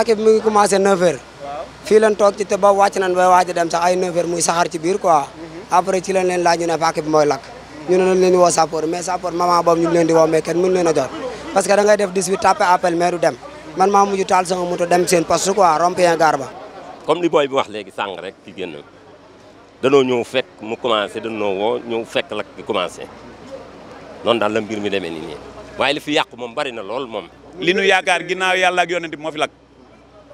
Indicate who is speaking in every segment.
Speaker 1: lakk mu ngi commencé 9h. fi lañ tok ci te ba wacc nañ ba wacc dem sax ay 9h muy sahar ci biir quoi. Mhm. après ci lañ leen laaj ñu ne pàkk bi mooy ñu ne lañ leen di woo mais sapeur mama boobu ñu ngi leen di wo mais ken mu leen a jot. parce que da ngay def 18 tapé appel mais du dem man maa mujj tal sama moto dem sen poste quoi rompien gaar garba
Speaker 2: comme ni boy bi wax léegi sang rek ci génn no ñëw fek mu commencé da no wo ñëw fek lak bi commencé non dal la mbir mi demé ni nii waaye li fi yàqu mom bari na lol mom li nu yaakar ginaaw yalla ak yonenti mo fi lak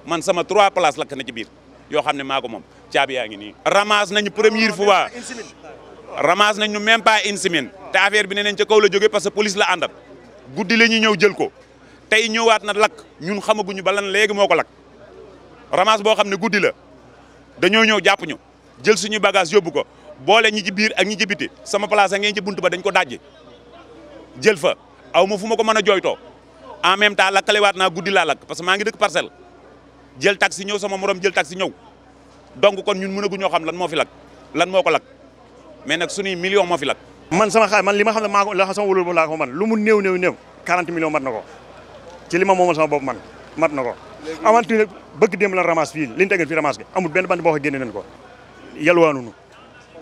Speaker 2: man sama 3 place lak na ci bir yo xamne ne mom ko yaangi ni ramass nañu première fois ramass nañu même pas une semaine ta affaire bi neñ ci kaw la jógee parce que police la andat goudi lañu ñew jël ko tay ñewat na lak ñun xamaguñu ba lan léegi moko lak ramass bo xamne goudi ne la dañu ñew japp ñu jël suñu bagage yobbu ko boole ñi ci bir ak ñi ci biti sama place a ngeen ci buntu ba dañ ko dajje jël fa awma ma fu ma ko mën a en même temps na goudi la lak parce que ma ngi dëkk parcelle jël taxi ñëw sama morom jël taxi ñëw donc kon ñun mënagu ñoo xam lan moo fi lakk
Speaker 3: lan moo ko lakk mais nag suñuy million moo fi lakk. man sama xaar man li ma xam ne maa ko la sama wóolu lu mu néew néew néew 40 millions mat na ko ci li ma sama bopp man mat na ko. avanti nag bëgg démb la ramasse fii li ñu tegal fii ramasse bi amul benn bant boo xam génne nañ ko yalwaanuñu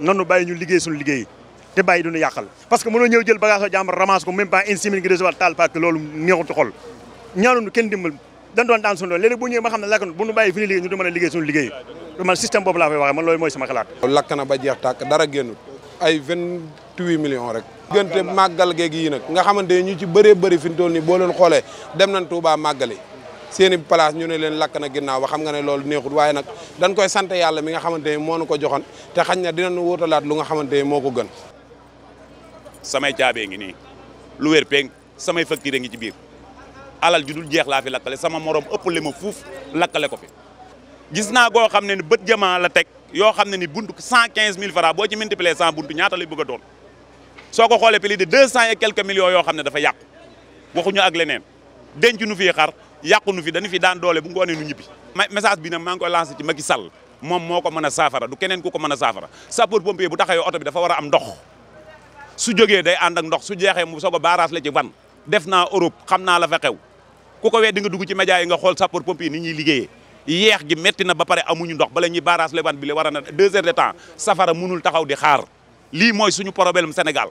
Speaker 3: nanu bàyyi ñu liggéey suñu liggéey te bàyyi duñu yàqal parce que mënoo ñëw jël bagage dañ doon daan suñu doole léegi bu ñëwee ma xam ne lakk na bu ñu bàyyi fi ñu liggéey ñu a liggéey suñu liggéey man système boobu laa fay waxee man loolu
Speaker 4: mooy rek diggante màggal geeg yi nga xamante ñu ci bëree bëri fi ñu toll nii boo leen xoolee dem nañ Touba màggali seeni place ñu ne leen lakk na ginnaaw ba xam nga ne loolu neexut waaye nag dañ koy sant yàlla mi nga xamante ni moo nu ko joxoon te xañ na dinañ wóotalaat lu nga xamante ni moo ko gën
Speaker 2: samay caabee ngi nii lu wér peeng samay facture ngi ci biir alal ju jeex la fi lakale sama morom ëpp li ma fouf lakale ko fi gis naa goo xam ne ni bët jama la teg yoo xam ne ni buntu cent mille francs boo ci multiplier 100 buntu ñaata lay bëgg a doon soo ko xoolee plus de 200 et quelques millions yoo xam ne dafa yàqu waxuñu ak leneen denc nu fii xar yàqu nu fi dañu fi daan doole bu ngoonee nu ñibbi message bi nag maa ngi koy lancé ci Macky Sall moom moo ko mën a saafara du keneen ku ko mën a saafara sapeur pompier bu taxawee oto bi dafa war a am ndox su jógee day ànd ak ndox su jeexee mu soog a barrage la ci van def naa Europe xam naa la fa xew ku ko wee di nga dugg ci média yi nga xool sapeur pompier ni ñuy liggéeyee yeex gi metti na ba pare amuñu ndox bala ñuy barrage leban bi le war a na deux heures de temps safara mënul taxaw di xaar lii mooy suñu problème Sénégal